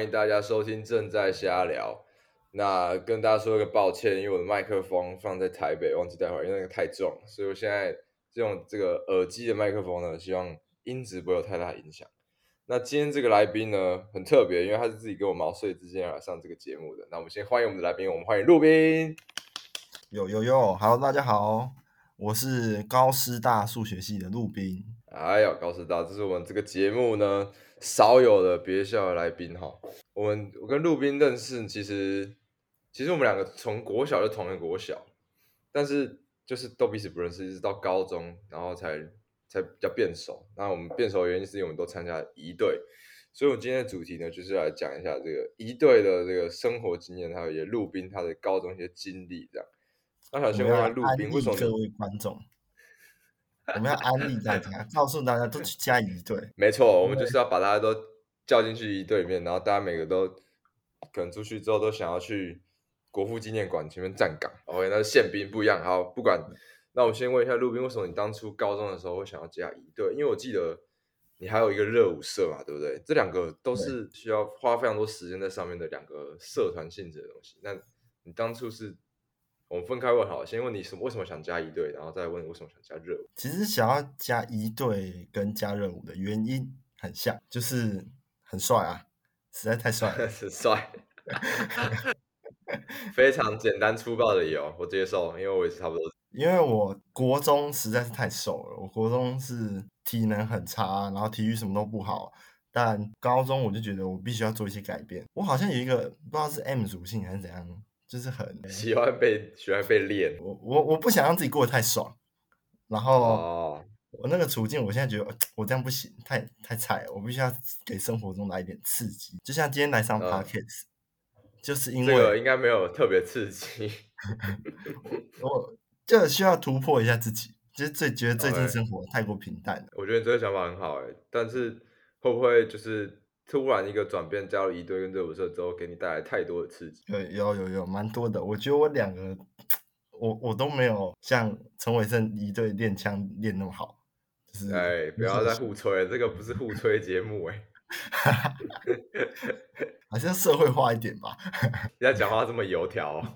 歡迎大家收聽正在瞎聊。那跟大家說一個抱歉，因為我的麥克風放在台北，忘記帶回來，因為那個太重，所以我現在用這個耳機的麥克風呢，希望音質不會有太大影響。那今天這個來賓呢很特別，因為他是自己給我毛遂自薦來上這個節目的。那我們先歡迎我們的來賓，我們歡迎陸濱有有有哈嘍，yo, yo, yo, hello, 大家好，我是高師大數學系的陸濱哎呀，高師大，這是我們這個節目呢。少有的別校的來賓哈，我們我跟陸濱認識，其實其實我們兩個從國小就同一個國小，但是就是都彼此不認識，一直到高中，然後才才比較變熟。那我們變熟的原因是因為我們都參加了儀隊，所以我今天的主題呢就是來講一下這個儀隊的這個生活經驗，還有一些陸濱他的高中一些經歷這樣。那首先歡迎陸濱，歡迎各位觀眾。 我們要安利大家，告訴大家都去加儀隊。沒錯，我們就是要把大家都叫進去儀隊裡面，對然後大家每個都可能出去之後都想要去國父紀念館前面站崗。o、okay, 那是憲兵，不一樣。然後不管，那我先問一下陸濱，為什麼你當初高中的時候會想要加儀隊？因為我記得你還有一個熱舞社嘛，對不對？這兩個都是需要花非常多時間在上面的兩個社團性質的東西。那對你當初是？我們分開問好了，先問你什麼，為什麼想加儀隊，然後再問為什麼想加熱舞。其實想要加儀隊跟加熱舞的原因很像，就是很帥啊，實在太帥了，很帥。非常簡單粗暴的理由，我接受，因為我也是差不多，因為我國中實在是太瘦了，我國中是體能很差，然後體育什麼都不好，但高中我就覺得我必須要做一些改變。我好像有一個不知道是 M 屬性還是怎樣。就是很喜歡被喜歡被練，我我我不想讓自己過得太爽，然後、哦、我那個處境，我現在覺得我這樣不行，太太菜了，我必須要給生活中來一點刺激，就像今天來上 podcast，、嗯、就是因為我應該沒有特別刺激， 我就需要突破一下自己，就是最覺得最近生活太過平淡了，Okay. 我覺得你這個想法很好哎，但是會不會就是？突然一個轉變，加入儀隊跟熱舞社之後，給你帶來太多的刺激。對，有有有，蠻多的。我覺得我兩個，我我都沒有像陳偉勝儀隊練槍練那麼好。就是，哎，不要再互吹，就是、這個不是互吹節目哎。哈哈哈哈哈，好像社會化一點吧？不 要講話這麼油條、哦。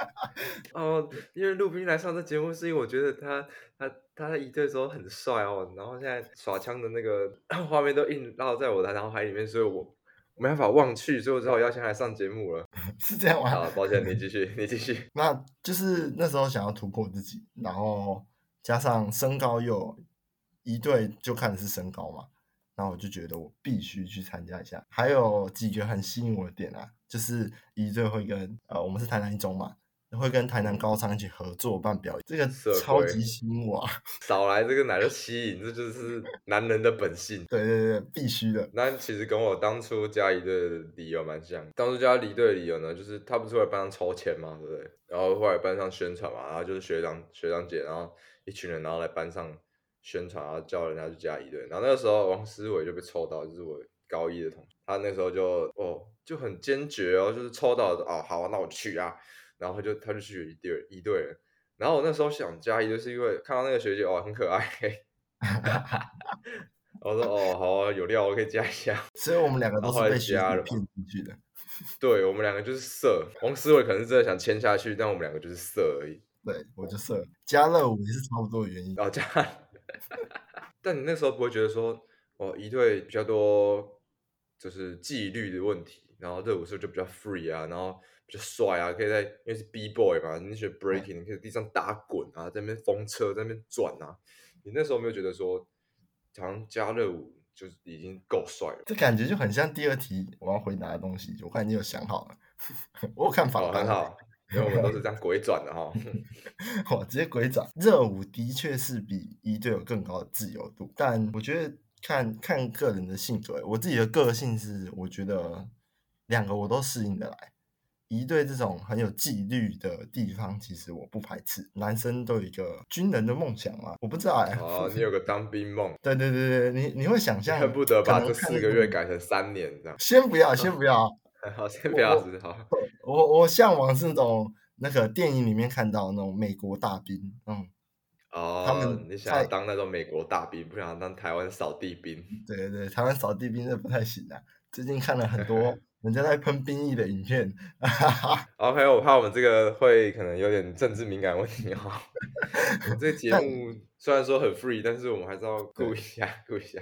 哦，因為陸濱來上這節目，是因為我覺得他他他在儀隊的時候很帥哦，然後現在耍槍的那個畫面都印烙在我的腦海裡面，所以我，我沒辦法忘去，所以我只好要先來上節目了。 是這樣嗎？好，抱歉，你繼續，你繼續。 那就是那時候想要突破自己，然後加上身高又儀隊就看的是身高嘛，然後我就覺得我必須去參加一下。還有幾個很吸引我的點啊，就是儀隊會跟呃，我們是台南一中嘛。會跟台南高商一起合作辦表演，這個超級新哇、啊！少來這個男的吸引， 這就是男人的本性。 對對對，必須的。那其實跟我當初加儀隊的理由蠻像。當初加儀隊的理由呢，就是他不是會班上抽籤嘛，對不對？然後後來班上宣傳嘛，然後就是學長學長姐，然後一群人，然後來班上宣傳，然後叫人家去加儀隊，對對。然後那個時候王思偉就被抽到，就是我高一的同，他那時候就哦就很堅決哦，就是抽到哦，好，那我去啊。然後就他就去儀隊、儀隊，然後我那時候想加儀就是因為看到那個學姐哦很可愛、欸，我 說哦、好、啊、有料我可以加一下，所以我們兩個都是來加了騙進去的，後後對，我們兩個就是色，王思偉可能是真的想簽下去，但我們兩個就是色而已，對。我就色了，加熱舞也是差不多的原因哦、加， 但你那時候不會覺得說哦儀隊比較多就是紀律的問題，然後熱舞是不是就比較 free 啊，然後。就帥啊！可以在因為是 B boy 吧，你選 breaking，可以在地上打滾啊，在那邊風車在那邊轉啊。你那時候沒有覺得說，好像加熱舞就是已經夠帥了。這感覺就很像第二題我要回答的東西。我看你有想好了， 我有看法了、哦、很好， 因為我們都是這樣鬼轉的哈、哦。 哦，直接鬼轉熱舞的確是比一、e、隊有更高的自由度，但我覺得看看個人的性格。我自己的個性是，我覺得兩個我都適應得來。一對這種很有紀律的地方，其實我不排斥。男生都有一個軍人的夢想嘛？我不知道哎。哦，你有個當兵夢？對對對對，你你會想象恨不得把這四個月改成三年這樣。先不要，先不要。好，先不要，好。我我嚮往是那種那個電影裡面看到那種美國大兵，嗯。哦，他們，你想要當那種美國大兵，不想當台灣掃地兵？對對對，台灣掃地兵是不太行的。最近看了很多。人家在噴兵役的影片 ，OK，我怕我們這個會可能有點政治敏感問題哈。 我們這節目雖然說很 free，但，但是我們還是要顧一下，顧對一下。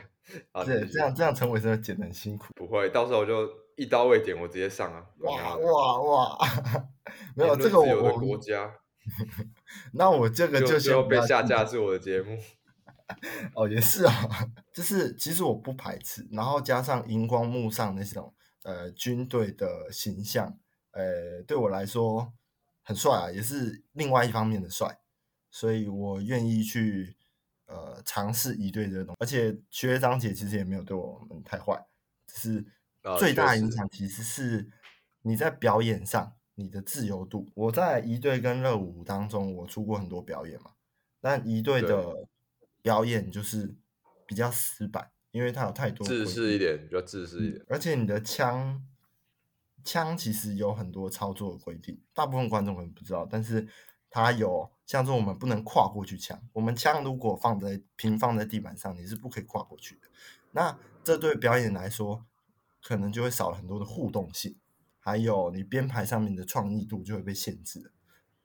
對續這，這樣這樣成為真的剪的很辛苦。不會，到時候就一刀未剪，我直接上啊！哇、嗯、哇哇！沒有這個，我我國家。我我 那我這個就需要被下架，是我的節目。 哦，也是啊、哦， 就是其實我不排斥，然後加上熒光幕上那種。呃，軍隊的形象，呃，對我來說很帥啊，也是另外一方面的帥，所以我願意去呃嘗試儀隊這種，而且學長姐其實也沒有對我們太壞，只是最大影響其實是你在表演上你的自由度。我在儀隊跟熱舞當中，我出過很多表演嘛，但儀隊的表演就是比較死板。因為它有太多，自私一點，你就自私一點，嗯。而且你的槍，槍其實有很多操作的規定，大部分觀眾可能不知道，但是它有，像說我們不能跨過去槍，我們槍如果放在平放在地板上，你是不可以跨過去的。那這對表演來說，可能就會少了很多的互動性，還有你編排上面的創意度就會被限制了。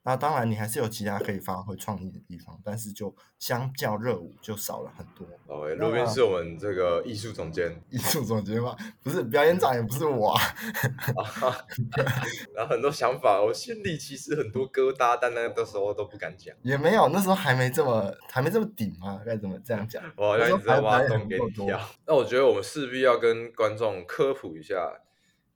那當然，你還是有其他可以發揮創意的地方，但是就相較熱舞就少了很多。哦，oh, 陸濱是我們這個藝術總監，藝術 總監嘛，不是表演長，也不是我。 然後很多想法，我心裡其實很多疙瘩，但那個時候都不敢講。也沒有，那時候還沒這麼還沒這麼頂啊，該怎麼這樣講？Oh, 排排我一直在挖洞給你跳。那我覺得我們勢必要跟觀眾科普一下。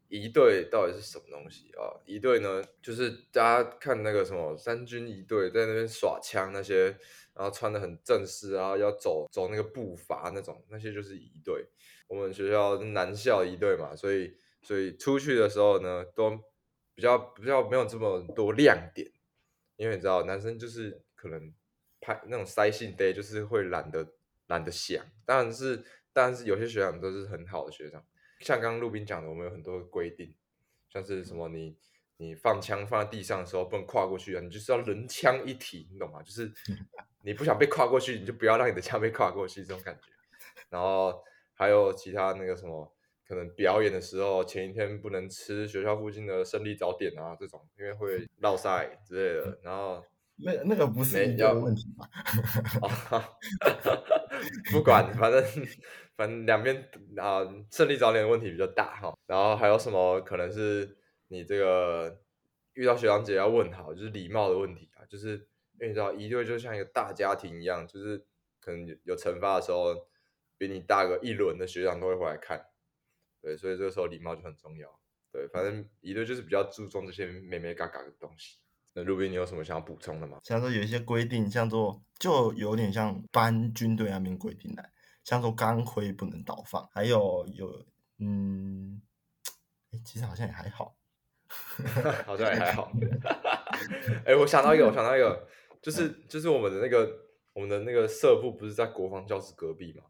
儀隊到底是什麼東西啊？儀隊呢，就是大家看那個什麼三軍儀隊在那邊耍槍那些，然後穿的很正式，然後要走走那個步伐那種，那些就是儀隊。我們學校是男校儀隊嘛，所以所以出去的時候呢，都比較比較沒有這麼多亮點，因為你知道男生就是可能拍那種塞性呆，就是會懶得懶得想。但是但是有些學長都是很好的學長。像剛剛陸濱講的，我們有很多的規定，像是什麼你你放槍放在地上的時候不能跨過去啊，你就是要人槍一體，你懂嗎？就是你不想被跨過去，你就不要讓你的槍被跨過去這種感覺。然後還有其他那個什麼，可能表演的時候前一天不能吃學校附近的勝利早點啊這種，因為會落賽之類的。然後。那那個不是你的問題嗎？哈哈哈哈不管反正反正兩邊啊、呃，勝利早點的問題比較大哈。然後還有什麼可能是你這個遇到學長姐,姐要問好，就是禮貌的問題啊。就是遇到儀隊，就像一個大家庭一樣，就是可能有懲罰的時候，比你大個一輪的學長都會回來看。對，所以這個時候禮貌就很重要。對，反正儀隊就是比較注重這些美美嘎嘎的東西。陸濱，你有什麼想要補充的嗎？像說有一些規定，像做就有點像搬軍隊那邊規定的，像說鋼盔不能倒放，還有有嗯，哎，其實好像也還好， 好像也還好。哎，我想到一個，我想到一個，就是就是我們的那個我們的那個社部不是在國防教室隔壁嘛？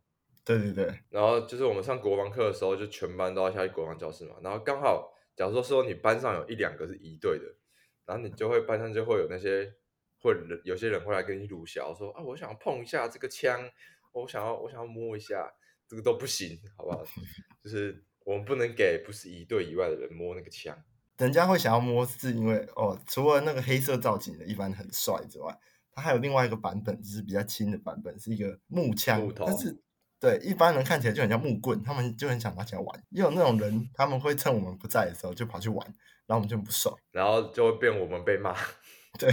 對對對。然後就是我們上國防課的時候，就全班都要下去國防教室嘛。然後剛好，假如說說你班上有一兩個是儀隊的。然後你就會班上就會有那些，會有些人會來跟你魯笑說啊，我想碰一下這個槍，我想要我想要摸一下，這個都不行，好不好？就是我們不能給不是儀隊以外的人摸那個槍。人家會想要摸，是因為哦，除了那個黑色造景的，一般很帥之外，它還有另外一個版本，就是比較輕的版本，是一個木槍，木頭但是。對，一般人看起來就很像木棍，他們就很想拿起來玩。也有那種人，他們會趁我們不在的時候就跑去玩，然後我們就很不爽，然後就會變我們被罵。對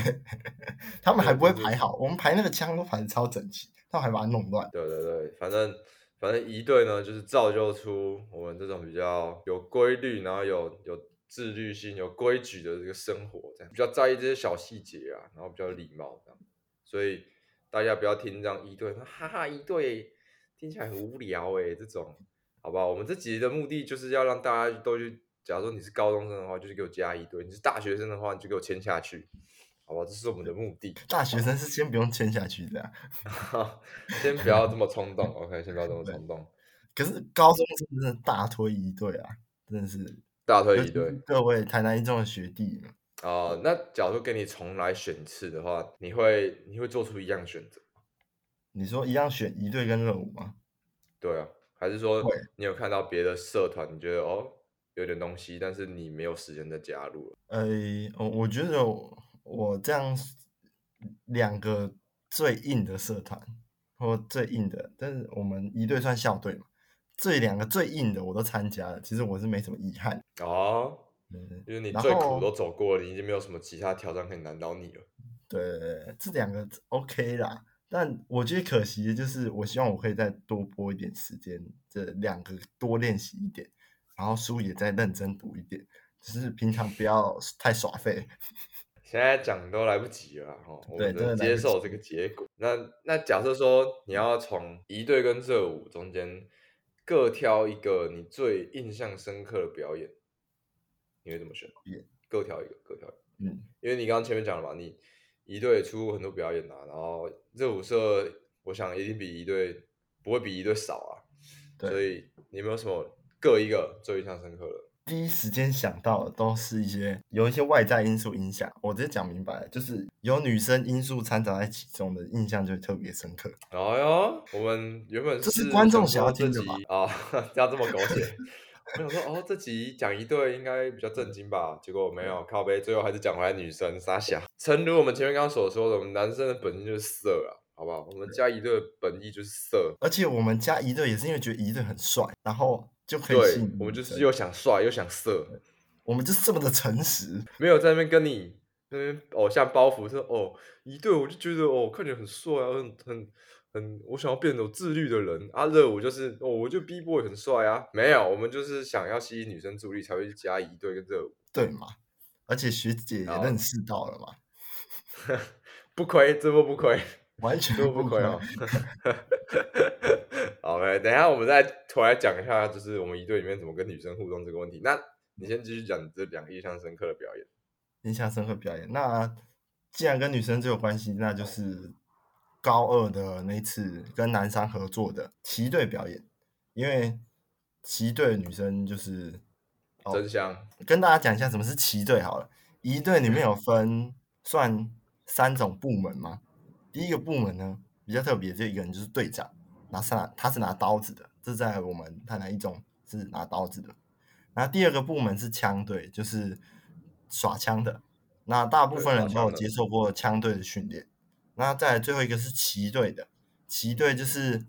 他們還不會排好，就是、我們排那個槍都排得超整齊，他們還把它弄亂。對對對，反正反正儀隊呢，就是造就出我們這種比較有規律，然後有有自律性、有規矩的這個生活，這樣比較在意這些小細節啊，然後比較禮貌這樣，所以大家不要聽這樣儀隊，哈哈儀隊。聽起來很無聊哎、欸，這種，好吧，我們這集的目的就是要讓大家都去。假如說你是高中生的話，就去給我加儀隊，你是大學生的話，你就給我簽下去，好吧？這是我們的目的。大學生是先不用簽下去的、啊， 先不要這麼衝動。 OK，先不要這麼衝動。可是高中生真的大推儀隊啊，真的是大推儀隊。各位台南一中的學弟們，哦、呃，那假如給你重來選次的話，你會你會做出一樣選擇？你說一樣選儀隊跟熱舞嗎？對啊，還是說你有看到別的社團，對你覺得哦有點東西，但是你沒有時間再加入了？哎，我我覺得我，我這樣兩個最硬的社團或最硬的，但是我們儀隊算校隊嘛，這兩個最硬的我都參加了，其實我是沒什麼遺憾哦，因為你最苦都走過了，後你已經沒有什麼其他挑戰可以難倒你了。對，這兩個 OK 啦。但我覺得可惜的就是，我希望我可以再多播一點時間，這兩個多練習一點，然後書也再認真讀一點，只、就是平常不要太耍廢。現在講都來不及了哈， 對我們能接受這個結果。那那假設說你要從儀隊跟熱舞中間各挑一個你最印象深刻的表演，你會怎麼選？演各挑一個，各挑一個。嗯，因為你剛剛前面講了嘛，你。儀隊出很多表演啊，然後熱舞社，我想一定比儀隊不會比儀隊少啊。對所以你們有，有什麼各一個最印象深刻的？第一時間想到的都是一些有一些外在因素影響，我直接講明白，就是有女生因素摻雜在其中的印象就特別深刻。哎喲、哦、我們原本是 這是觀眾想要聽的啊，加 這、這麼狗血？沒有說，說哦，這集講儀隊應該比較正經吧？結果沒有，靠北，最後還是講回來女生沙夏。誠如我們前面剛剛所說的，我們男生的本意就是色啊，好不好？我們加儀隊本意就是色，而且我們加儀隊也是因為覺得儀隊很帥，然後就可以我們就是又想帥又想色，我們就是這麼的誠實，沒有在那邊跟你那邊偶像包袱說哦，儀隊，我就覺得哦看起來很帥啊，很很。嗯，我想要變成有自律的人。阿、啊、熱舞，我就是，哦，我就 B boy 很帥啊。沒有，我們就是想要吸引女生注意，才會加一隊跟熱舞。對嘛？而且學姐也認識到了嘛。好 不虧，這波不虧，完全都不虧哦。OK， 等一下我們再回來講一下，就是我們一隊裡面怎麼跟女生互動這個問題。那你先繼續講你這兩個印象深刻的表演。印象深刻的表演，那既然跟女生最有關係，那就是。高二的那次跟南商合作的儀隊表演。因為儀隊女生就是真香相、哦。跟大家講一下，什麼是儀隊好了。儀隊裡面有分算三種部門嗎？第一個部門呢，比較特別，就一個人，就是隊長，拿上他是拿刀子的，這在我們台南一中是拿刀子的。然後第二個部門是槍隊，就是耍槍的。那大部分人沒有接受過槍隊的訓練。那再來最後一個是旗隊的，旗隊就是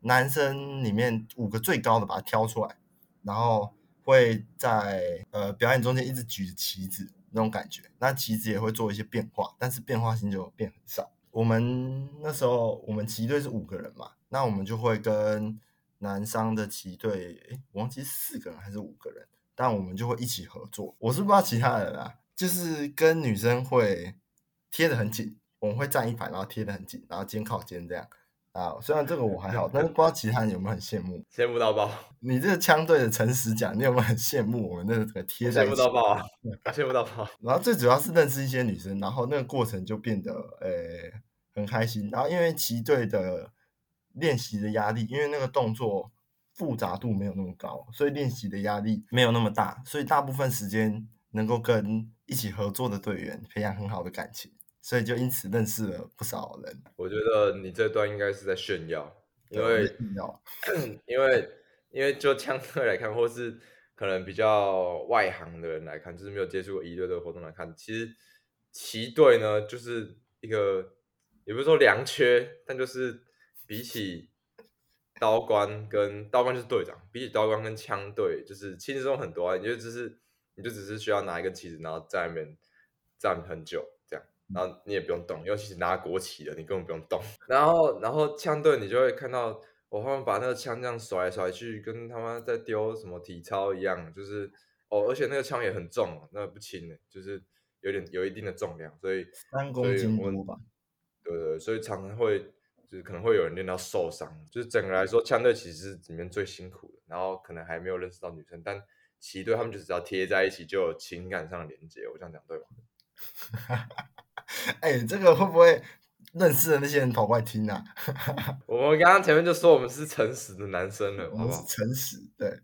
男生裡面五個最高的把它挑出來，然後會在呃表演中間一直舉着旗子那種感覺，那旗子也會做一些變化，但是變化性就變很少。我們那時候我們旗隊是五個人嘛，那我們就會跟男商的旗隊，誒、欸，我忘記是四個人還是五個人，但我們就會一起合作。我是不知道其他人啊，就是跟女生會貼得很緊。我們會站一排，然後貼得很緊，然後肩靠肩這樣啊。雖然這個我還好， 但是不知道其他人有沒有很羨慕，羨慕到爆。你這個槍隊的誠實講，你有沒有很羨慕我們那個貼身？羨慕到爆啊！羨慕到爆。然後最主要是認識一些女生，然後那個過程就變得呃、欸、很開心。然後因為旗隊的練習的壓力，因為那個動作複雜度沒有那麼高，所以練習的壓力沒有那麼大，所以大部分時間能夠跟一起合作的隊員培養很好的感情。所以就因此認識了不少人。我覺得你這段應該是在炫耀，因為炫耀，對因為因為就槍隊來看，或是可能比較外行的人來看，就是沒有接觸過儀隊、隊的活動來看，其實旗隊呢就是一個也不是說涼缺，但就是比起刀官跟刀官就是隊長，比起刀官跟槍隊就是輕鬆很多。你就只是你就只是需要拿一個旗子，然後在外面站很久。然後你也不用動，尤其是拿國旗的，你根本不用動。然後，然後槍隊你就會看到，我後面把那個槍這樣甩來甩去，跟他媽在丟什麼體操一樣，就是哦，而且那個槍也很重，那不輕的，就是有點有一定的重量，所以三公斤多吧？對，對對，所以常常會就是可能會有人練到受傷。就是整個來說，槍隊其實是裡面最辛苦的。然後可能還沒有認識到女生，但旗隊他們就只要貼在一起就有情感上的連接。我這樣講對嗎？ 哎、欸，這個會不會認識的那些人跑過來聽啊？ 我們剛剛前面就說我們是誠實的男生了，我們是誠實，好不好？對。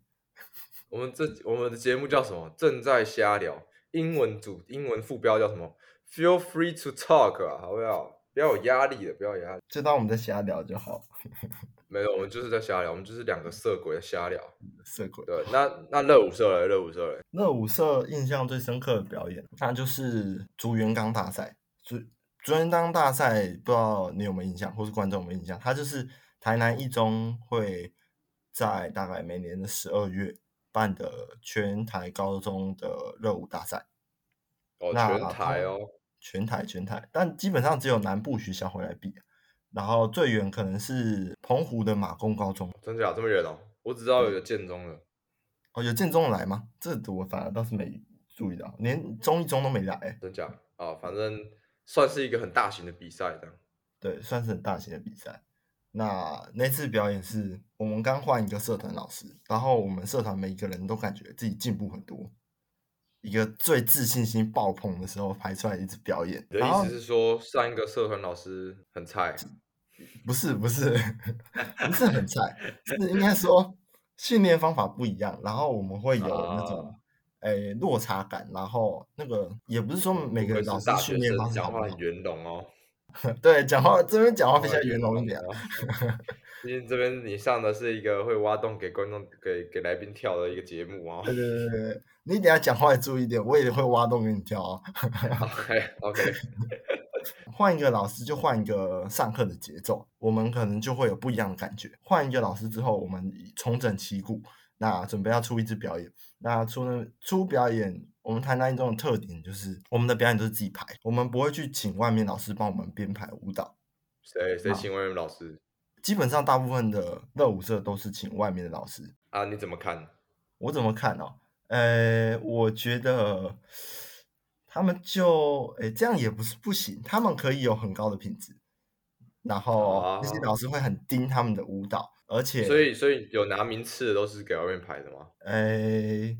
我們這我們的節目叫什麼？正在瞎聊。英文主英文副標叫什麼？Feel free to talk 啊，好不好？不要有壓力的，不要壓力，就當我們在瞎聊就好。 沒有，我們就是在瞎聊，我們就是兩個色鬼在瞎聊。色鬼。對，那那熱舞社嘞？熱舞社嘞？熱舞 社，社印象最深刻的表演，那就是竹元剛大賽。昨昨天當大賽，不知道你有沒有印象，或是觀眾有沒有印象？他就是台南一中會在大概每年的十二月辦的全台高中的熱舞大賽。哦，全台哦那，全台全台，但基本上只有南部學校會來比，然後最遠可能是澎湖的馬公高中。真假這麼遠哦？我只知道有個建中的。嗯。哦，有建中的來嗎？這我反而倒是沒注意到，連中一中都沒來。欸。真假？哦，反正。算是一個很大型的比賽的，對，算是很大型的比賽。那那次表演是我們剛換一個社團老師，然後我們社團每一個人都感覺自己進步很多，一個最自信心爆棚的時候排出來一次表演。的對後意思是說上一個社團老師很菜？不是，不是，不是， 不是很菜， 是應該說訓練方法不一樣，然後我們會有那種。啊哎，落差感，然後那個也不是說每個人學生老師訓練方式講話圓融哦，對，講話這邊講話比較圓融一點哦。 因為這邊你上的是一個會挖洞給觀眾、給給來賓跳的一個節目哦。對對對對，你等一下講話也注意點，我也會挖洞給你跳哦。好 ，OK, okay.。 換一個老師就換一個上課的節奏，我們可能就會有不一樣的感覺。換一個老師之後，我們重整旗鼓，那準備要出一支表演。那出呢，出表演，我們台南一中的特點就是，我們的表演都是自己排，我們不會去請外面老師幫我們編排舞蹈。誰，誰請外面老師？啊，基本上大部分的熱舞社都是請外面的老師。啊，你怎麼看？我怎麼看哦？呃、欸，我覺得他們就，哎、欸，這樣也不是不行，他們可以有很高的品質。然後那些老師會很盯他們的舞蹈。而且所以所以，有拿名次的都是給外面排的嗎？哎，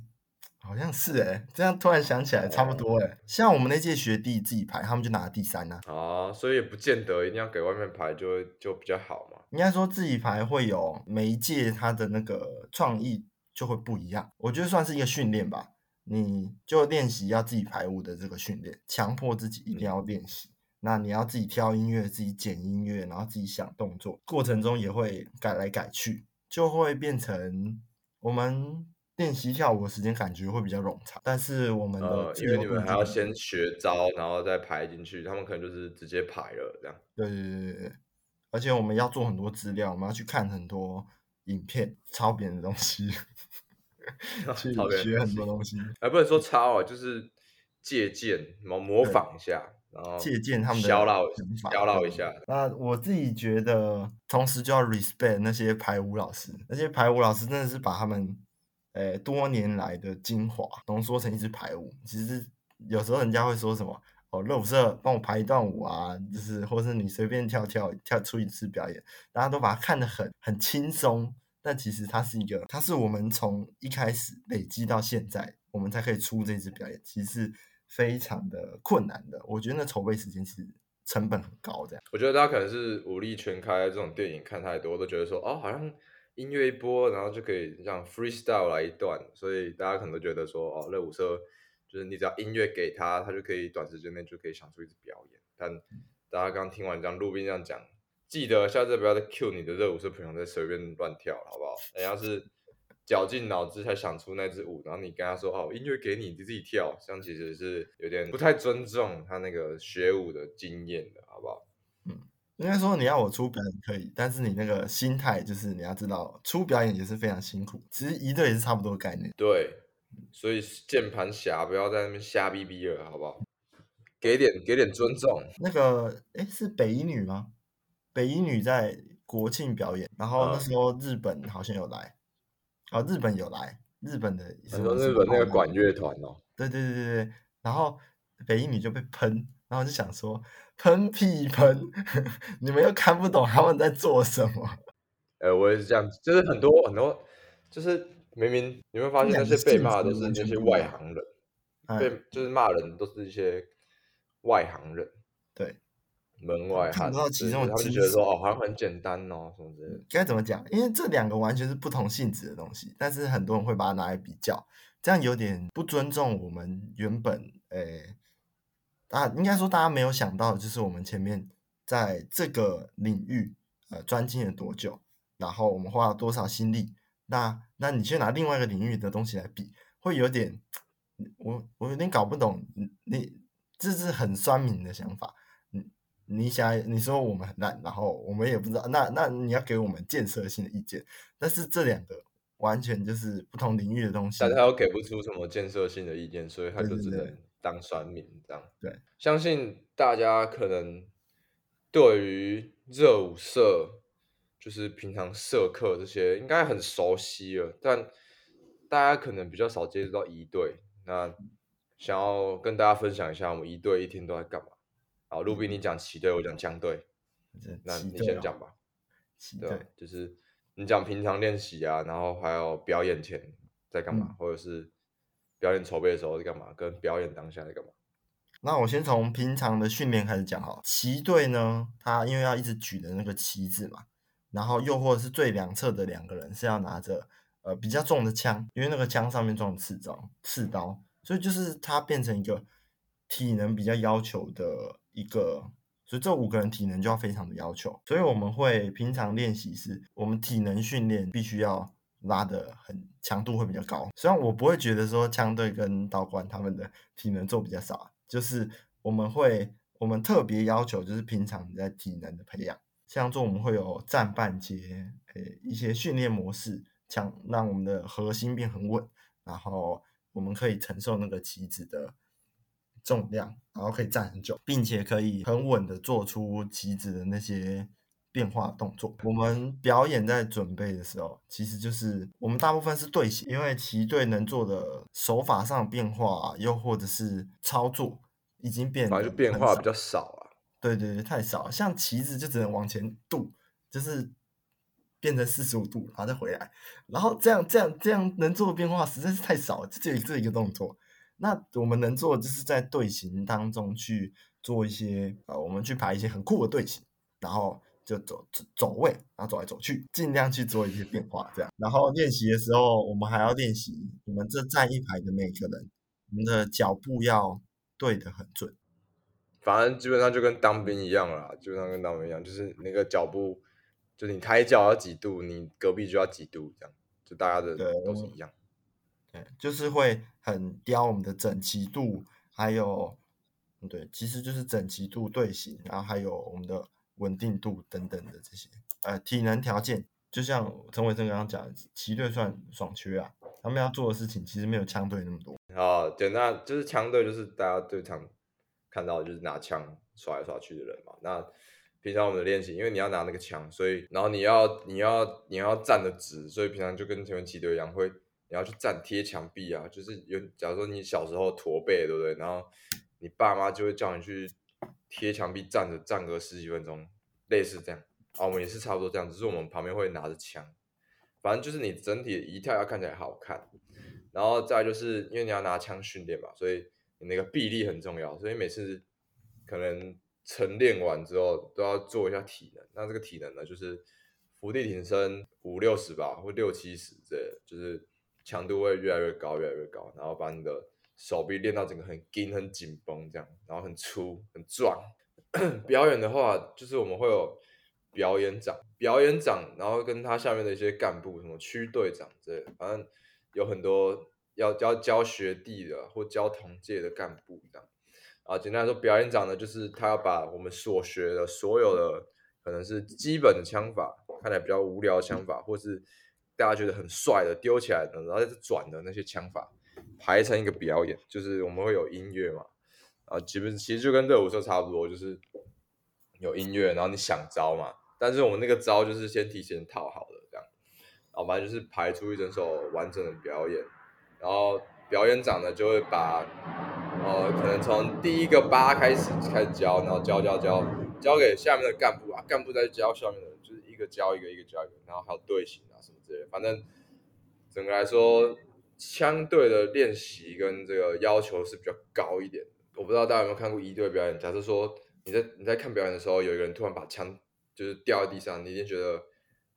好像是哎，這樣突然想起來差不多哎。哦。像我們那屆學弟自己排，他們就拿了第三呢。哦，所以也不見得一定要給外面排就會就比較好嘛。應該說自己排會有每一屆他的那個創意就會不一樣。我覺得算是一個訓練吧，你就練習要自己排舞的這個訓練，強迫自己一定要練習。嗯。那你要自己挑音樂，自己剪音樂，然後自己想動作，過程中也會改來改去，就會變成我們練習一下午的時間感覺會比較冗長。但是我們的、呃、因為你們還要先學招，然後再排進去，他們可能就是直接排了這樣。對對對對對，而且我們要做很多資料，我們要去看很多影片，抄別人的東西， 要去學很多東西。而、 呃、不能說抄啊，就是借鑑、模模仿一下。然後借鑑他們的交流一下。那我自己覺得，同時就要 respect 那些排舞老師，那些排舞老師真的是把他們，誒、欸，多年來的精華濃縮成一支排舞。其實有時候人家會說什麼，哦，熱舞社幫我排一段舞啊，就是或是你隨便跳跳，跳出一次表演，大家都把它看得很很輕鬆，但其實它是一個，它是我們從一開始累積到現在，我們才可以出這一支表演，其實。非常的困難的，我覺得那籌備時間是成本很高的。我覺得大家可能是舞力全開這種電影看太多，都覺得說，哦，好像音樂一播，然後就可以這樣 freestyle 來一段，所以大家可能都覺得說，哦，熱舞社就是你只要音樂給他，他就可以短時間內就可以想出一支表演。但大家剛聽完這樣陸濱這樣講，記得下次不要再 cue 你的熱舞社朋友在隨便亂跳，好不好？哎，要是。絞盡腦汁才想出那支舞，然後你跟他說：“哦，音樂給你，你自己跳。”這樣其實是有點不太尊重他那個學舞的經驗的，好不好？嗯，應該說你要我出表演可以，但是你那個心態就是你要知道，出表演也是非常辛苦，其實儀隊也是差不多概念。對，所以鍵盤俠不要在那邊瞎逼逼了，好不好？給點給點尊重。那個，哎，是北一女嗎？北一女在國慶表演，然後那時候日本好像有來。嗯啊、哦，日本有來，日本的什麼很日本那個管樂團哦，對對對對對，然後北一女就被噴，然後就想說噴屁噴，你們又看不懂他們在做什麼。呃，我也是這樣，就是很多、嗯、很多，就是明明你會發現那些被罵的都是那些外行人，嗯、被就是罵人都是一些外行人。門外看不到其中，就覺得說哦，好像對很簡單哦，喔，什麼之類。該怎麼講？因為這兩個完全是不同性質的東西，但是很多人會把它拿來比較，這樣有點不尊重我們原本誒，欸，啊，應該說大家沒有想到，就是我們前面在這個領域呃專精了多久，然後我們花了多少心力，那那你去拿另外一個領域的東西來比，會有點，我我有點搞不懂，你這是很酸民的想法。你想你說我們很爛，然後我們也不知道，那那你要給我們建設性的意見，但是這兩個完全就是不同領域的東西，但他又給不出什麼建設性的意見，所以他就只能當酸民這樣。對，對，對，對，相信大家可能對於熱舞社就是平常社課這些應該很熟悉了，但大家可能比較少接觸到儀隊。那想要跟大家分享一下，我們儀隊一天都在幹嘛？好，陸濱你講旗隊，我講槍隊，旗隊啊、那你先講吧。隊、啊、就是你講平常練習啊，然後還有表演前在幹嘛，嗯、或者是表演籌備的時候在幹嘛，跟表演當下在幹嘛？那我先從平常的訓練開始講哈。旗隊呢，他因為要一直舉着那個旗子嘛，然後又或者是最兩側的兩個人是要拿着呃比較重的槍，因為那個槍上面裝有刺刀，刺刀，所以就是它變成一個體能比較要求的一個，所以這五個人體能就要非常的要求，所以我們會平常練習是我們體能訓練必須要拉的很強度會比較高。雖然我不會覺得說槍隊跟刀官他們的體能做比較少，就是我們會我們特別要求就是平常你在體能的培養，像做我們會有站半截，呃、哎、一些訓練模式，像讓我們的核心變很穩，然後我們可以承受那個旗子的。重量，然後可以站很久，並且可以很穩的做出旗子的那些變化動作。我們表演在準備的時候，其實就是我們大部分是隊形，因為旗隊能做的手法上變化，又或者是操作已經變，變化比較少啊。對對對，太少了，像旗子就只能往前度，就是變成四十五度，然後再回來，然後這樣這樣這樣能做的變化實在是太少了，就只有這一個動作。那我們能做的，就是在隊形當中去做一些，呃，我們去排一些很酷的隊形，然後就走走走位，然後走來走去，盡量去做一些變化，這樣。然後練習的時候，我們還要練習，我們這站一排的每個人，我們的腳步要對得很準。反正基本上就跟當兵一樣啦，基本上跟當兵一樣，就是那個腳步，就你抬腳要幾度，你隔壁就要幾度，這樣，就大家的都是一樣。對，就是會。很刁我們的整齊度，還有，對，其實就是整齊度、隊形，然後還有我們的穩定度等等的這些，呃，體能條件，就像陳偉正剛剛講的，旗隊算爽缺啊，他們要做的事情其實沒有槍隊那麼多。好，對，那就是槍隊就是大家最常看到的就是拿槍耍來耍去的人嘛。那平常我們的練習，因為你要拿那個槍，所以然後你要你要你要站得直，所以平常就跟前面旗隊一樣會。你要去站貼牆壁啊，就是有假如說你小時候駝背，對不對？然後你爸媽就會叫你去貼牆壁站着站個十幾分鐘，類似這樣。啊、哦，我們也是差不多這樣，只是我們旁邊會拿着槍。反正就是你整體的儀態要看起來好看，然後再來就是因為你要拿槍訓練嘛，所以你那個臂力很重要，所以每次可能晨練完之後都要做一下體能。那這個體能呢，就是伏地挺身五六十吧，或六七十，這就是。強度會越來越高，越來越高，然後把你的手臂練到整個很緊、很緊繃，這樣，然後很粗、很壯。 表演的話，就是我們會有表演長，表演長，然後跟他下面的一些幹部，什麼區隊長之類的，反正有很多要教教學弟的或教同屆的幹部這樣。啊，簡單來說，表演長呢，就是他要把我們所學的所有的，可能是基本槍法，看起來比較無聊的槍法，嗯、或是。大家覺得很帥的，丟起來的，然後再轉的那些槍法，排成一個表演，就是我們會有音樂嘛，啊，基本其實就跟熱舞社差不多，就是有音樂，然後你想招嘛，但是我們那個招就是先提前套好的這樣，然後反正就是排出一整首完整的表演，然後表演長呢就會把，呃，可能從第一個八開始開始教，然後教教教，教給下面的幹部啊，幹部再教下面的，就是。一個交一個，一個交一個，然後還有隊形啊什麼之類的。反正整個來說，槍隊的練習跟這個要求是比較高一點的。我不知道大家有沒有看過儀隊表演。假設說你在你在看表演的時候，有一個人突然把槍就是掉在地上，你就覺得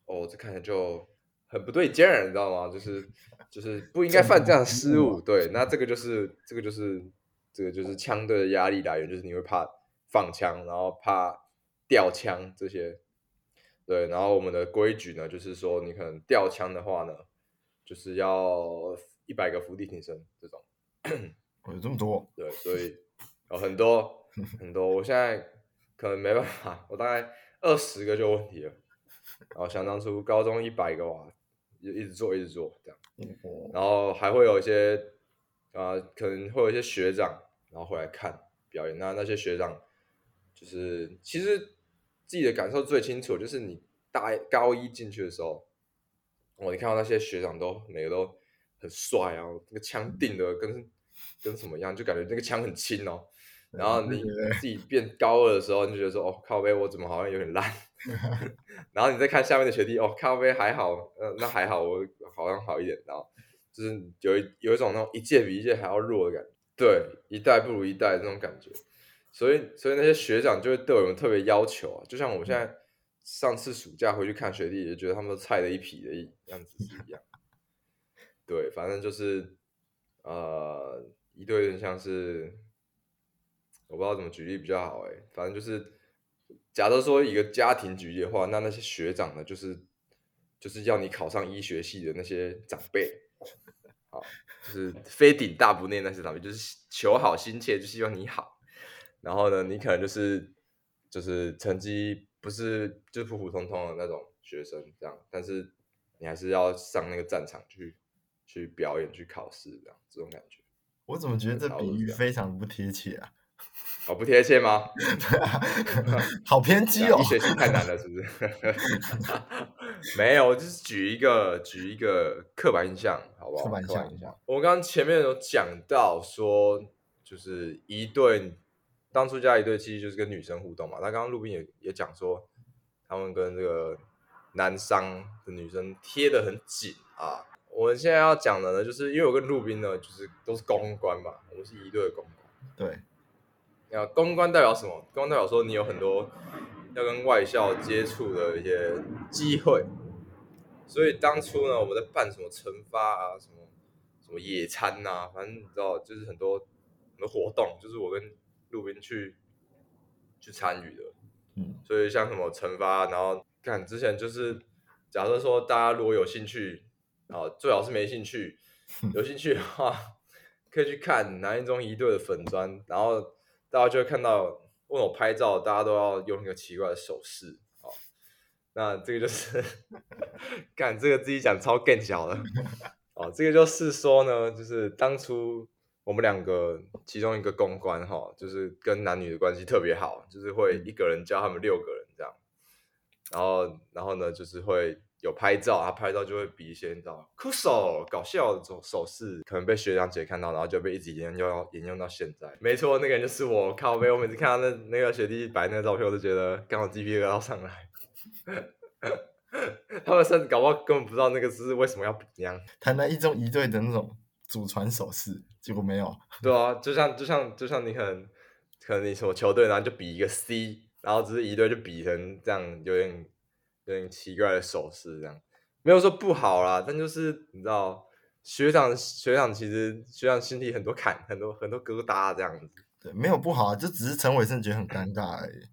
哦，這看起來就很不對勁，你知道嗎？就是就是不應該犯這樣的失誤。對，這麼那這個就是這個就是這個就是槍隊的壓力來源，就是你會怕放槍，然後怕掉槍這些。對，然後我們的規矩呢，就是說你可能掉槍的話呢，就是要一百個伏地挺身這種，有 這麼多，對，所以有很多 很多，我現在可能沒辦法，我大概二十個就問題了，然後想當初高中一百個啊，一一直做一直做這樣，然後還會有一些啊、呃，可能會有一些學長，然後回來看表演，那那些學長就是其實。自己的感受最清楚，就是你大高一進去的時候，哦，你看到那些學長都每個都很帥啊，那、這個槍定的跟跟什麼樣，就感覺那個槍很輕哦。然後你自己變高二的時候，你就覺得說，哦，靠北我怎麼好像有點爛。 然後你再看下面的學弟，哦，靠北還好，那、呃、那還好，我好像好一點。然後就是有一有一種那種一屆比一屆還要弱的感覺，對，一代不如一代那種感覺。所以，所以那些學長就會對我們特別要求啊，就像我們現在上次暑假回去看學弟，也覺得他們都菜的一批的一樣子是一樣。 對，反正就是呃，一堆人像是我不知道怎麼舉例比較好誒，反正就是，假如說一個家庭舉例的話，那那些學長呢，就是就是要你考上醫學系的那些長輩， 好，就是非頂大不念那些長輩，就是求好心切，就希望你好。然後呢，你可能就是就是成績不是就是普普通通的那種學生這樣，但是你還是要上那個戰場去去表演、去考試這樣這種感覺。我怎麼覺得這比喻非常不貼切啊？哦、啊，不貼切嗎？ 好偏激哦！你學習太難了，是不是？沒有，就是舉一個舉一個刻板印象，好不好？刻板印象。我剛剛前面有講到說，就是一對。當初加儀隊其實就是跟女生互動嘛，那剛剛陸濱也也講說，他們跟這個男商的女生貼得很緊啊。我們現在要講的呢，就是因為我跟陸濱呢，就是都是公關嘛，我們是儀隊的公關。對，那公關代表什麼？公關代表說你有很多要跟外校接觸的一些機會，所以當初呢，我們在辦什麼懲罰啊，什麼什麼野餐吶、啊，反正你知道，就是很多很多活動，就是我跟路邊去去參與的，嗯，所以像什麼懲罰，然後看之前就是，假設說大家如果有興趣，哦，最好是沒興趣，有興趣的話可以去看南一中儀隊的粉專，然後大家就會看到問我拍照，大家都要用一個奇怪的手勢，哦，那這個就是，幹 這個自己講超更小的，哦，這個就是說呢，就是當初。我們兩個其中一個公關哈，就是跟男女的關係特別好，就是會一個人教他們六個人這樣，然後然後呢，就是會有拍照，他、啊、拍照就會比一些你知道，酷手搞笑的手勢，可能被學長姐看到，然後就被一直沿用，沿用到現在。沒錯，那個人就是我靠！我每次看到那那個學弟擺那個照片，我都覺得剛好雞皮疙瘩要上來。 他們甚至搞不好根本不知道那個姿勢為什麼要這樣，台南一中儀隊的那種祖傳手勢。幾乎沒有，對啊，就像就像就像你很，可能你什麼球隊，然後就比一個 C，然後只是一隊就比成這樣有，有點有點奇怪的手勢，這樣沒有說不好啦，但就是你知道學長學長其實學長心裡很多坎，很多很多疙瘩這樣子。對，沒有不好，啊，就只是陳偉勝覺得很尷尬而已。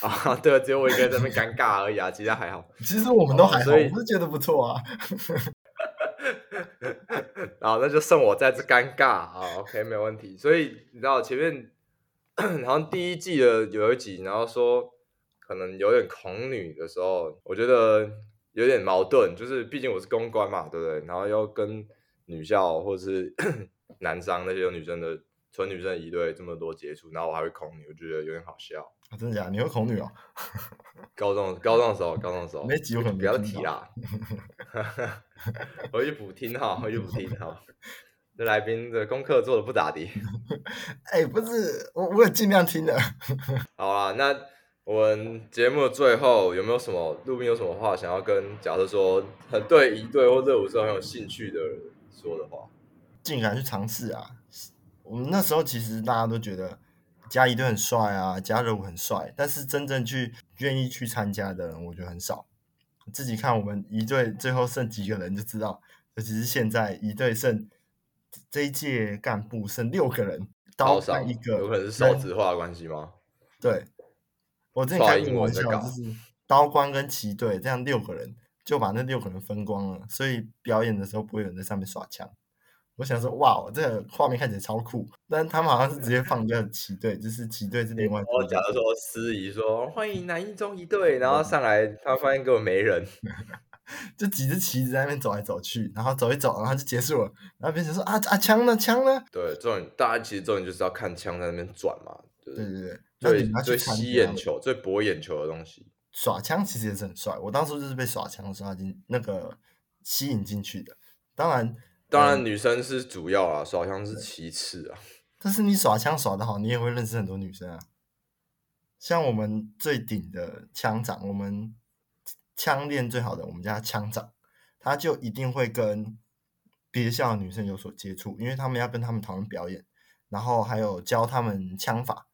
啊， 對，啊，只有我一個人在那邊尷尬而已，啊，其他還好。其實我們都還好，哦、所以我是覺得不錯啊。 然後 那就剩我在這尷尬啊，好。OK，沒問題。所以你知道前面，然後第一季的有一集，然後說可能有點恐女的時候，我覺得有點矛盾，就是畢竟我是公關嘛，對不對？然後要跟女校或者是男商那些女生的。純女生一隊這麼多接觸，然後我還會恐女，我覺得有點好笑、啊。真的假的？你會恐女哦？高中高中的時候，高中的時候沒幾個人，我不要提啦。 回去補聽哈，回去補聽哈。這 來賓的功課做的不咋地。哎 、欸，不是，我我也盡量聽的。 好啊，那我們節目的最後有沒有什麼路邊有什麼話想要跟？假設說很對儀隊或者熱舞社很有興趣的人說的話，竟然去嘗試啊？我們那時候其實大家都覺得加儀隊很帥啊，加熱舞很帥，但是真正去願意去參加的人，我覺得很少。自己看我們儀隊最後剩幾個人就知道，尤其是現在儀隊剩這一屆幹部剩六個人，刀上一個，有可能是少子化的關係嗎？對，我最近開個玩笑就是刀光跟旗隊這樣六個人就把那六個人分光了，所以表演的時候不會有人在上面耍槍。我想說，哇，這個畫面看起來超酷，但他們好像是直接放一個旗隊， 就是旗隊是另外一的。我假如說司儀說歡迎南一中儀隊， 然後上來，他發現根本沒人， 就幾支旗子在那邊走來走去，然後走一走，然後就結束了。然後變成說啊啊，槍、啊、呢？槍呢、啊？槍啊、對，重點，大家其實重點就是要看槍在那邊轉嘛。就是、對對對，最最、那個、吸眼球、最博眼球的東西，耍槍其實也是很帥。我當初就是被耍槍耍進那個吸引進去的，當然。當然，女生是主要啊，嗯、耍槍是其次啊。但是你耍槍耍得好，你也會認識很多女生啊。像我們最頂的槍長，我們槍練最好的，我們家槍長，他就一定會跟別校女生有所接觸，因為他們要跟他們討論表演，然後還有教他們槍法，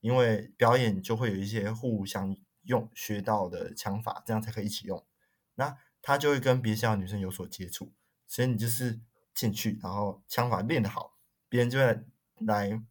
因為表演就會有一些互相用學到的槍法，這樣才可以一起用。那他就會跟別校女生有所接觸，所以你就是。進去，然後槍法練得好，別人就會來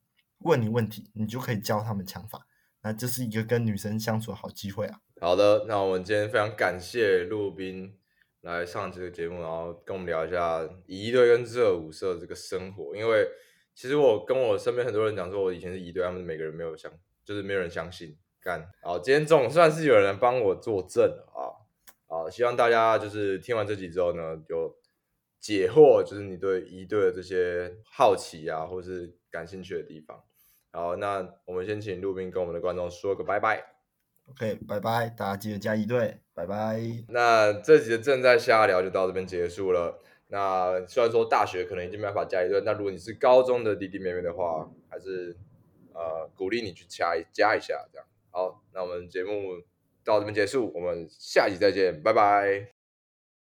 問你問題，你就可以教他們槍法，那這是一個跟女生相處的好機會啊。好的，那我們今天非常感謝陸濱來上這個節目，然後跟我們聊一下儀隊跟熱舞社的這個生活，因為其實我跟我身邊很多人講說我以前是儀隊，他們每個人沒有相，就是沒有人相信。幹，好，今天總算是有人來幫我作證了啊！啊，希望大家就是聽完這集之後呢，有。解惑，就是你對儀隊的這些好奇啊，或是感興趣的地方。好，那我們先請陸濱跟我們的觀眾說個拜拜。OK，拜拜，大家記得加儀隊，拜拜。那這集的正在瞎聊就到這邊結束了。那雖然說大學可能已經沒辦法加儀隊，那如果你是高中的弟弟妹妹的話，還是呃鼓勵你去加一加一下這樣。好，那我們節目到這邊結束，我們下集再見，拜拜。